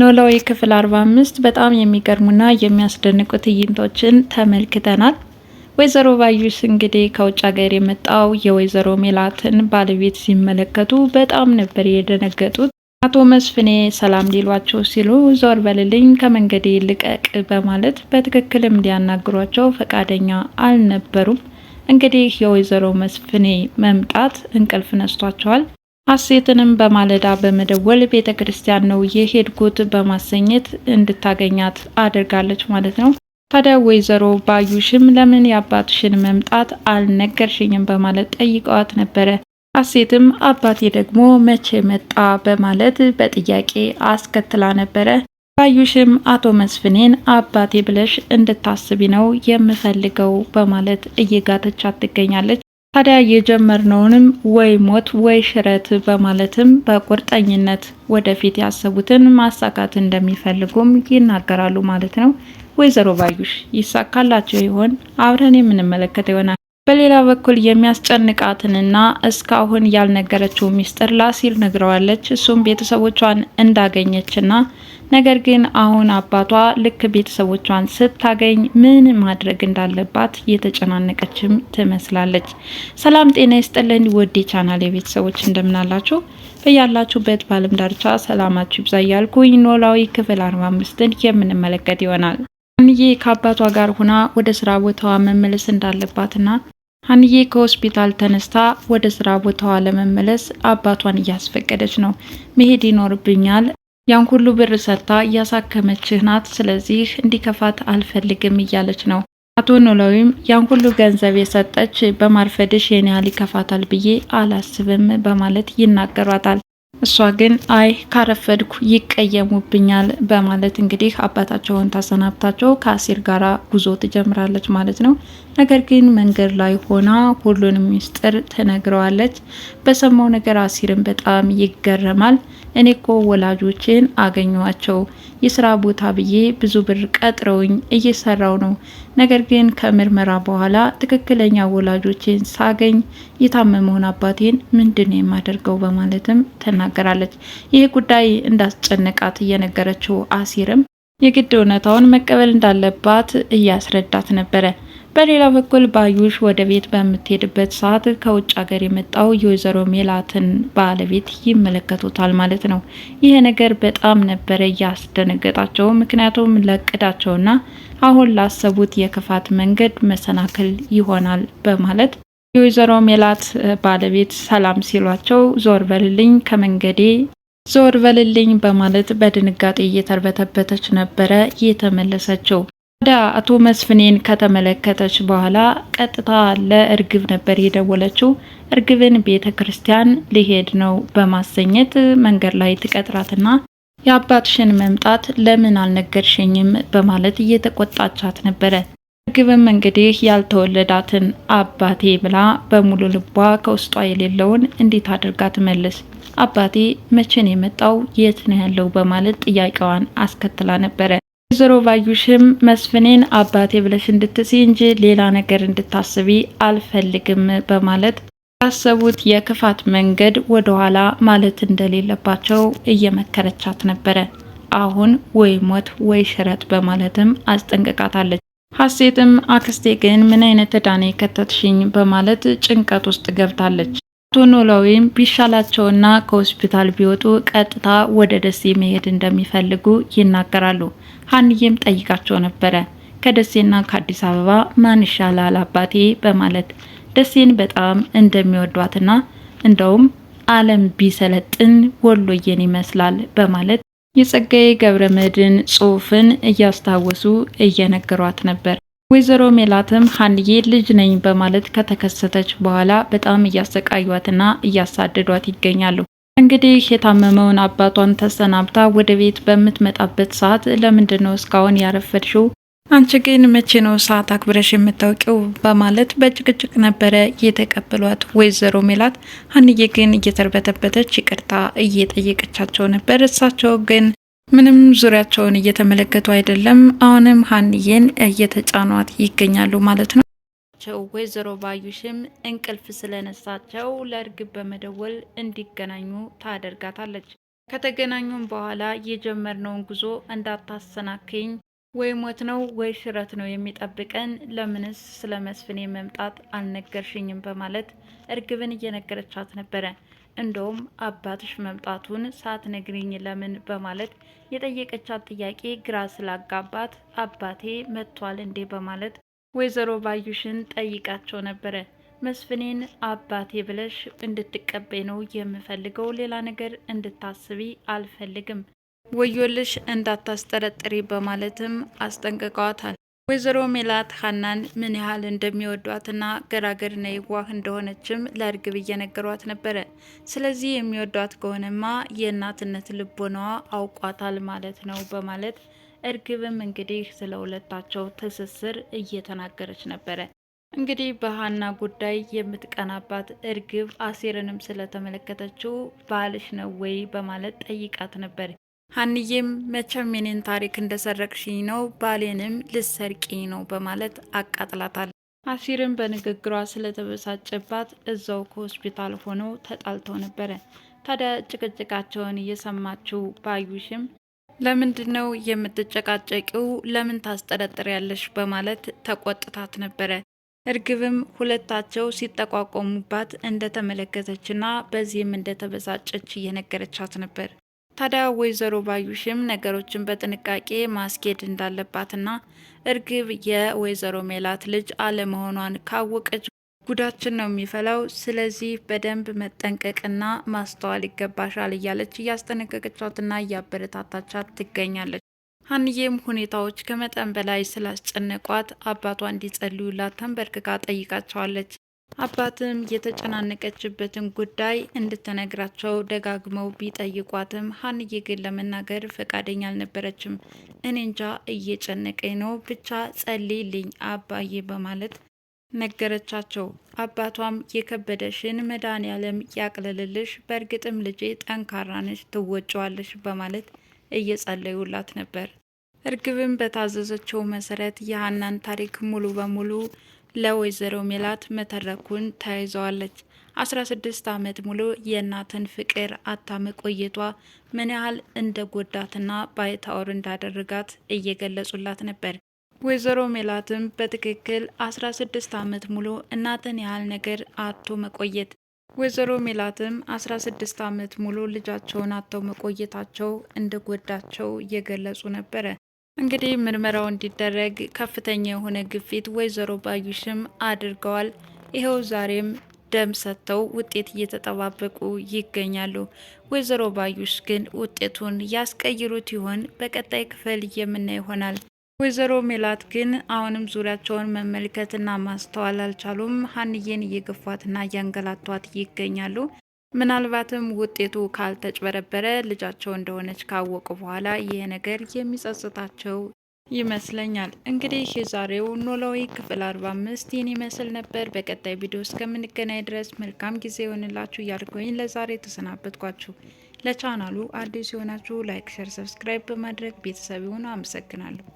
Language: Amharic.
ኖላዊ ክፍል 45 በጣም የሚገርሙና የሚያስደንቁ ትዕይንቶችን ተመልክተናል። ወይዘሮ ባዩሽ እንግዲህ ከውጭ ሀገር የመጣው የወይዘሮ ሜላትን ባለቤት ሲመለከቱ በጣም ነበር የደነገጡት። አቶ መስፍኔ ሰላም ሊሏቸው ሲሉ ዞር በልልኝ ከመንገዴ ልቀቅ በማለት በትክክልም ሊያናግሯቸው ፈቃደኛ አልነበሩም። እንግዲህ የወይዘሮ መስፍኔ መምጣት እንቅልፍ ነስቷቸዋል። አሴትንም በማለዳ በመደወል ቤተ ክርስቲያን ነው የሄድኩት በማሰኘት እንድታገኛት አድርጋለች ማለት ነው። ታዲያ ወይዘሮ ባዩሽም ለምን የአባትሽን መምጣት አልነገርሽኝም በማለት ጠይቀዋት ነበረ። አሴትም አባቴ ደግሞ መቼ መጣ በማለት በጥያቄ አስከትላ ነበረ። ባዩሽም አቶ መስፍኔን አባቴ ብለሽ እንድታስቢ ነው የምፈልገው በማለት እየጋተቻት ትገኛለች። ታዲያ የጀመርነውንም ወይ ሞት ወይ ሽረት በማለትም በቁርጠኝነት ወደፊት ያሰቡትን ማሳካት እንደሚፈልጉም ይናገራሉ ማለት ነው። ወይዘሮ ባዩሽ ይሳካላቸው ይሆን? አብረን የምንመለከተው ይሆናል። በሌላ በኩል የሚያስጨንቃትንና እስካሁን ያልነገረችው ሚስጥር ላሲል ነግረዋለች። እሱም ቤተሰቦቿን እንዳገኘችና ነገር ግን አሁን አባቷ ልክ ቤተሰቦቿን ስታገኝ ምን ማድረግ እንዳለባት እየተጨናነቀችም ትመስላለች። ሰላም ጤና ይስጥልን ውድ የቻናል የቤተሰቦች እንደምናላችሁ በያላችሁበት በዓለም ዳርቻ ሰላማችሁ ይብዛ እያልኩኝ ኖላዊ ክፍል አርባ አምስትን የምንመለከት ይሆናል። ይህ ከአባቷ ጋር ሁና ወደ ስራ ቦታዋ መመለስ እንዳለባትና ሀንዬ ከሆስፒታል ተነስታ ወደ ስራ ቦታዋ ለመመለስ አባቷን እያስፈቀደች ነው። መሄድ ይኖርብኛል፣ ያን ሁሉ ብር ሰርታ እያሳከመችህ ናት፣ ስለዚህ እንዲከፋት አልፈልግም እያለች ነው። አቶ ኖላዊም ያን ሁሉ ገንዘብ የሰጠች በማርፈድሽ የኔ ያህል ይከፋታል ብዬ አላስብም በማለት ይናገሯታል። እሷ ግን አይ ካረፈድኩ ይቀየሙብኛል በማለት እንግዲህ አባታቸውን ታሰናብታቸው ከአሲር ጋራ ጉዞ ትጀምራለች ማለት ነው። ነገር ግን መንገድ ላይ ሆና ሁሉንም ሚስጥር ትነግረዋለች። በሰማው ነገር አሲርን በጣም ይገረማል። እኔ እኮ ወላጆችን አገኘዋቸው የስራ ቦታ ብዬ ብዙ ብር ቀጥረውኝ እየሰራው ነው። ነገር ግን ከምርመራ በኋላ ትክክለኛ ወላጆችን ሳገኝ የታመመውን አባቴን ምንድን ነው የማደርገው በማለትም ትናገራለች። ይህ ጉዳይ እንዳስጨነቃት እየነገረችው አሲርም የግድ እውነታውን መቀበል እንዳለባት እያስረዳት ነበረ። በሌላ በኩል ባዩሽ ወደ ቤት በምትሄድበት ሰዓት ከውጭ ሀገር የመጣው የወይዘሮ ሜላትን ባለቤት ይመለከቱታል ማለት ነው። ይሄ ነገር በጣም ነበረ እያስደነገጣቸው ምክንያቱም ለቅዳቸውና አሁን ላሰቡት የክፋት መንገድ መሰናክል ይሆናል በማለት የወይዘሮ ሜላት ባለቤት ሰላም ሲሏቸው ዞር በልልኝ ከመንገዴ ዞር በልልኝ በማለት በድንጋጤ እየተርበተበተች ነበረ የተመለሰችው። ዳ አቶ መስፍኔን ከተመለከተች በኋላ ቀጥታ ለእርግብ ነበር የደወለችው። እርግብን ቤተ ክርስቲያን ሊሄድ ነው በማሰኘት መንገድ ላይ ትቀጥራትና የአባትሽን መምጣት ለምን አልነገርሽኝም በማለት እየተቆጣቻት ነበረ። እርግብም እንግዲህ ያልተወለዳትን አባቴ ብላ በሙሉ ልቧ ከውስጧ የሌለውን እንዴት አድርጋ ትመልስ? አባቴ መቼን የመጣው የት ነው ያለው በማለት ጥያቄዋን አስከትላ ነበረ። ወይዘሮ ባዩሽም መስፍኔን አባቴ ብለሽ እንድትሲ እንጂ ሌላ ነገር እንድታስቢ አልፈልግም በማለት ያሰቡት የክፋት መንገድ ወደኋላ ማለት እንደሌለባቸው እየመከረቻት ነበረ። አሁን ወይ ሞት ወይ ሽረት በማለትም አስጠንቅቃታለች። ሀሴትም አክስቴ ግን ምን አይነት ዕዳ ከተትሽኝ በማለት ጭንቀት ውስጥ ገብታለች። ቱኑሎዊም ቢሻላቸውና ከሆስፒታል ቢወጡ ቀጥታ ወደ ደሴ መሄድ እንደሚፈልጉ ይናገራሉ። ሀንዬም ጠይቃቸው ነበረ ከደሴና ከአዲስ አበባ ማን ይሻላል አባቴ በማለት ደሴን በጣም እንደሚወዷትና እንደውም ዓለም ቢሰለጥን ወሎዬን ይመስላል በማለት የጸጋዬ ገብረ መድን ጽሑፍን እያስታወሱ እየነገሯት ነበር። ወይዘሮ ሜላትም ሀንዬ ልጅ ነኝ በማለት ከተከሰተች በኋላ በጣም እያሰቃዩትና እያሳደዷት ይገኛሉ። እንግዲህ የታመመውን አባቷን ተሰናብታ ወደ ቤት በምትመጣበት ሰዓት ለምንድን ነው እስካሁን ያረፈድሽው? አንቺ ግን መቼ ነው ሰዓት አክብረሽ የምታውቂው? በማለት በጭቅጭቅ ነበረ የተቀበሏት ወይዘሮ ሜላት። ሀንዬ ግን እየተርበተበተች ይቅርታ እየጠየቀቻቸው ነበር። እሳቸው ግን ምንም ዙሪያቸውን እየተመለከቱ አይደለም። አሁንም ሀንዬን እየተጫኗት ይገኛሉ ማለት ነው። ወይዘሮ ባዩሽም እንቅልፍ ስለነሳቸው ለእርግብ በመደወል እንዲገናኙ ታደርጋታለች። ከተገናኙም በኋላ የጀመርነውን ጉዞ እንዳታሰናክኝ፣ ወይ ሞት ነው ወይ ሽረት ነው የሚጠብቀን፣ ለምንስ ስለ መስፍኔ መምጣት አልነገርሽኝም? በማለት እርግብን እየነገረቻት ነበረ። እንደውም አባትሽ መምጣቱን ሳትነግሪኝ ለምን በማለት የጠየቀቻት ጥያቄ ግራ ስላጋባት አባቴ መጥቷል እንዴ በማለት ወይዘሮ ባዩሽን ጠይቃቸው ነበረ። መስፍኔን አባቴ ብለሽ እንድትቀበይ ነው የምፈልገው፣ ሌላ ነገር እንድታስቢ አልፈልግም፣ ወዮልሽ እንዳታስጠረጥሪ በማለትም አስጠንቅቀዋታል። ወይዘሮ ሜላት ሀናን ምን ያህል እንደሚወዷትና ገራገርና የዋህ እንደሆነችም ለእርግብ እየነገሯት ነበረ። ስለዚህ የሚወዷት ከሆነማ የእናትነት ልቦናዋ አውቋታል ማለት ነው በማለት እርግብም እንግዲህ ስለ ሁለታቸው ትስስር እየተናገረች ነበረ። እንግዲህ በሀና ጉዳይ የምትቀናባት እርግብ አሴርንም ስለተመለከተችው ባልሽ ነው ወይ በማለት ጠይቃት ነበር። ሀንዬም መቼም የኔን ታሪክ እንደሰረቅሽኝ ነው ባሌንም ልሰርቂኝ ነው በማለት አቃጥላታል። አሲርም በንግግሯ ስለተበሳጨባት እዛው ከሆስፒታል ሆነው ተጣልተው ነበረ። ታዲያ ጭቅጭቃቸውን እየሰማችው ባዩሽም ለምንድን ነው የምትጨቃጨቂው? ለምን ያለሽ? በማለት ተቆጥታት ነበረ። እርግብም ሁለታቸው ሲጠቋቋሙባት እንደተመለከተችና በዚህም እንደተበሳጨች እየነገረቻት ነበር። ታዲያ ወይዘሮ ባዩሽም ነገሮችን በጥንቃቄ ማስኬድ እንዳለባትና እርግብ የወይዘሮ ሜላት ልጅ አለመሆኗን ካወቀች ጉዳችን ነው የሚፈላው። ስለዚህ በደንብ መጠንቀቅና ማስተዋል ይገባሻል እያለች እያስጠነቀቀቻትና እያበረታታቻት ትገኛለች። ሀንዬም ሁኔታዎች ከመጠን በላይ ስላስጨነቋት አባቷ እንዲጸልዩላት ተንበርክካ ጠይቃቸዋለች። አባትም የተጨናነቀችበትን ጉዳይ እንድትነግራቸው ደጋግመው ቢጠይቋትም ሀንዬ ግን ለመናገር ፈቃደኛ አልነበረችም። እኔ እንጃ እየጨነቀኝ ነው፣ ብቻ ጸልይልኝ አባዬ በማለት ነገረቻቸው። አባቷም የከበደሽን ያለም ያቅልልልሽ፣ በእርግጥም ልጄ ጠንካራ ነሽ፣ በማለት እየጸለዩላት ነበር። እርግብም በታዘዘችው መሰረት የሀናን ታሪክ ሙሉ በሙሉ ለወይዘሮ ሜላት መተረኩን ተያይዘዋለች። 16 ዓመት ሙሉ የእናትን ፍቅር መቆየቷ ምን ያህል እንደ ጎዳትና ባይታወር እንዳደረጋት እየገለጹላት ነበር። ወይዘሮ ሜላትም በትክክል 16 ዓመት ሙሉ እናትን ያህል ነገር አቶ መቆየት ወይዘሮ ሜላትም 16 ዓመት ሙሉ ልጃቸውን አተው መቆየታቸው እንደጎዳቸው እየገለጹ ነበረ። እንግዲህ ምርመራው እንዲደረግ ከፍተኛ የሆነ ግፊት ወይዘሮ ባዩሽም አድርገዋል። ይኸው ዛሬም ደም ሰጥተው ውጤት እየተጠባበቁ ይገኛሉ። ወይዘሮ ባዩሽ ግን ውጤቱን ያስቀይሩት ይሆን? በቀጣይ ክፍል የምናይ ይሆናል። ወይዘሮ ሜላት ግን አሁንም ዙሪያቸውን መመልከትና ማስተዋል አልቻሉም። ሀንዬን እየገፏትና እያንገላቷት ይገኛሉ። ምናልባትም ውጤቱ ካልተጭበረበረ ልጃቸው እንደሆነች ካወቁ በኋላ ይህ ነገር የሚጸጽታቸው ይመስለኛል። እንግዲህ የዛሬው ኖላዊ ክፍል 45 ይህን ይመስል ነበር። በቀጣይ ቪዲዮ እስከምንገናኝ ድረስ መልካም ጊዜ ይሆንላችሁ እያልኩኝ ለዛሬ ተሰናበትኳችሁ። ለቻናሉ አዲስ የሆናችሁ ላይክ፣ ሸር፣ ሰብስክራይብ በማድረግ ቤተሰብ ይሆኑ። አመሰግናለሁ።